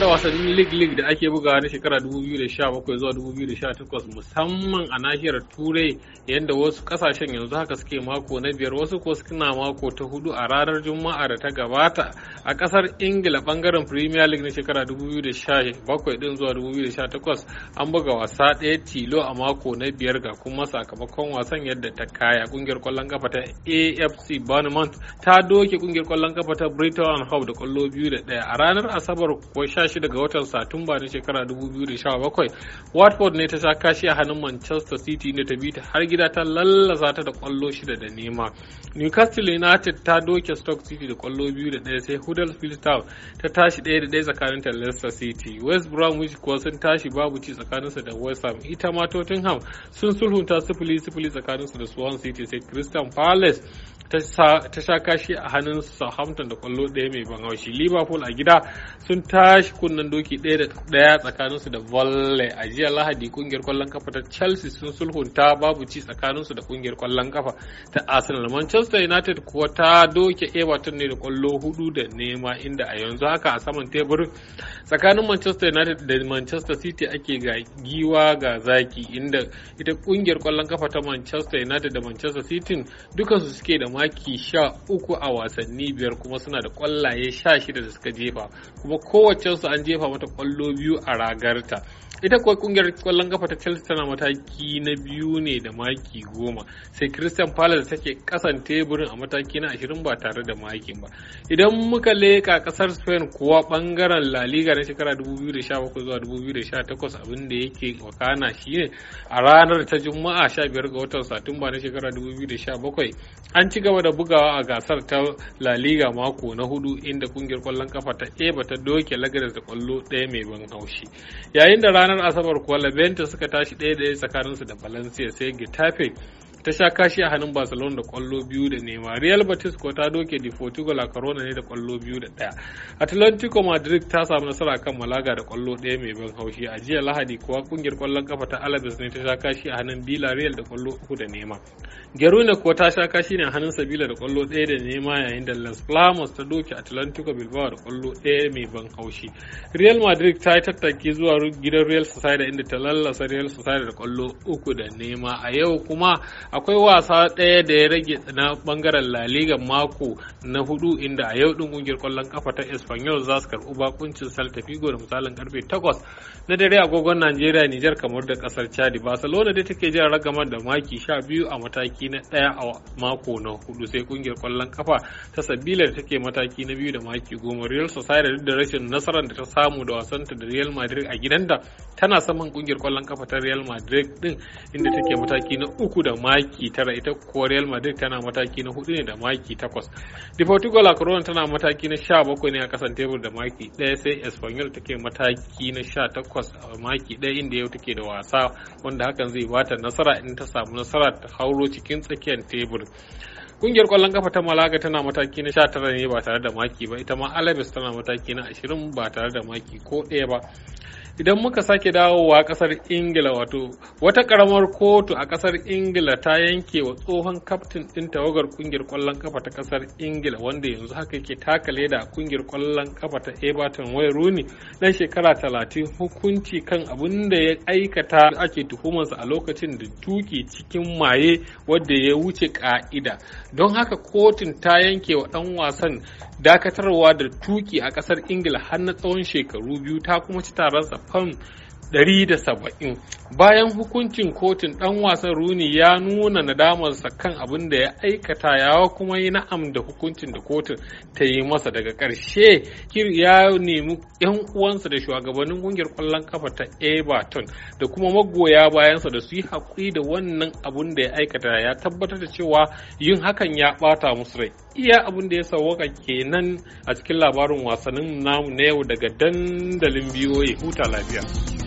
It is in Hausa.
da wasannin league league da ake bugawa na shekara 2017 zuwa 2018 musamman a nahiyar turai yadda wasu kasashen yanzu haka suke mako na biyar wasu ko suna mako ta hudu a ranar juma'a da ta gabata a kasar ingila bangaren premier league na shekara 2017 din zuwa 2018 an buga wasa daya tilo a mako na biyar ga kuma sakamakon wasan yadda ta kaya kungiyar kwallon kafa ta afc bournemouth ta doke kungiyar kwallon kafa ta britain hove da kwallo biyu da daya a ranar asabar kuwa 16 daga watan Satumba na shekara 2017 Watford ne ta sha kashi a hannun Manchester City inda ta bi ta har gida ta lallasa ta da kwallo shida da nema. Newcastle United ta doke Stoke City da kwallo biyu da ɗaya sai Huddersfield Town ta tashi ɗaya da daya tsakanin ta Leicester City. West Bromwich kuwa sun tashi babu ci tsakaninsu da West Ham. Ita ma Tottenham sun sulhunta sifili sifili tsakaninsu da Swan City sai Crystal Palace ta sha kashi a hannun Southampton da kwallo ɗaya mai ban haushi. Liverpool a gida sun tashi kunnen doki ɗaya da ɗaya tsakaninsu da Volley. A jiya Lahadi kungiyar kwallon kafa ta Chelsea sun sulhunta babu ci tsakaninsu da kungiyar kwallon kafa ta Arsenal. Manchester United kuwa ta doke Everton ne da kwallo hudu da nema inda a yanzu haka a saman teburin tsakanin Manchester United da Manchester City ake ga giwa ga zaki inda ita kungiyar kwallon kafa ta Manchester United da Manchester City dukansu suke da maki sha uku a wasanni biyar kuma suna da kwallaye sha shida da suka jefa kuma kowacensu an jefa mata kwallo biyu a ragarta ita kuwa kungiyar kwallon kafa ta chelsea tana mataki na biyu ne da maki goma sai christian palace take kasan teburin a mataki na ashirin ba tare da makin ba idan muka leka kasar spain kuwa bangaren la liga na shekara 2017 zuwa 2018 abin da yake wakana shine a ranar ta juma'a 15 ga watan satumba na shekara 2017 an ci gaba da bugawa a gasar ta la liga mako na hudu inda kungiyar kwallon kafa ta eba ta doke lagares da kwallo ɗaya mai ban haushi yayin da ranar ranar asabar kuwa labenta suka tashi ɗaya ɗaya tsakaninsu da valencia sai getafe ta sha kashi a hannun barcelona da kwallo biyu da nema real betis ko ta doke di portugal a corona ne da kwallo biyu da daya atlantico madrid ta samu nasara kan malaga da kwallo daya mai ban haushi a jiya lahadi kuwa kungiyar kwallon kafa ta alabes ne ta sha kashi a hannun villarreal da kwallo uku da nema gerona kuwa ta sha kashi ne a hannun sabila da kwallo daya da nema yayin da las palmas ta doke atlantico bilbao da kwallo daya mai ban haushi real madrid ta yi tattaki zuwa gidan real da inda ta lallasa real sosai da kwallo uku da nema a yau kuma akwai wasa ɗaya da ya rage na bangaren la liga mako na hudu inda a yau din kungiyar kwallon kafa ta espanyol za su karɓi bakuncin salta figo da misalin karfe 8 na dare agogon najeriya nijar kamar da kasar chadi barcelona da take jin ragamar da maki 12 a mataki na ɗaya a mako na hudu sai kungiyar kwallon kafa ta sabila da take mataki na biyu da maki goma real society da rashin nasarar da ta samu da wasanta da real madrid a gidan da tana saman kungiyar kwallon kafa ta real madrid din inda take mataki na uku da maki maki tara ita kuwa real madrid tana mataki na hudu ne da maki takwas di portugal a corona tana mataki na sha bakwai ne a kasan tebur da maki ɗaya sai espanyol take mataki na sha takwas a maki ɗaya inda yau take da wasa wanda hakan zai bata nasara in ta samu nasara ta hauro cikin tsakiyar tebur kungiyar kwallon kafa ta malaga tana mataki na sha tara ne ba tare da maki ba ita ma alabes tana mataki na ashirin ba tare da maki ko ɗaya ba idan muka sake dawowa kasar ingila wato wata karamar kotu a kasar ingila ta yanke wa tsohon kaftin din tawagar kungiyar kwallon kafa ta kasar ingila wanda yanzu haka yake taka leda a kungiyar kwallon kafa ta everton wayne rooney na shekara talatin hukunci kan abin da ya aikata ake tuhumarsa a lokacin da tuki cikin maye wadda ya wuce ka'ida don haka kotun ta yanke wa dan wasan dakatarwa da tuki a kasar ingila har na tsawon shekaru biyu ta kuma ci taronsa con 170 bayan hukuncin kotun ɗan wasan runi ya nuna nadamarsa kan abin da ya aikata ya kuma yi na'am da hukuncin da kotun ta yi masa daga ƙarshe kir ya nemi 'yan uwansa da shugabannin kungiyar kwallon kafa ta everton da kuma magoya bayansa da su yi haƙuri da wannan abin da ya aikata ya tabbatar da cewa yin hakan ya ɓata musu rai iya abin da ya sauwaka kenan a cikin labarin wasannin namu na yau daga dandalin biyoyi huta lafiya.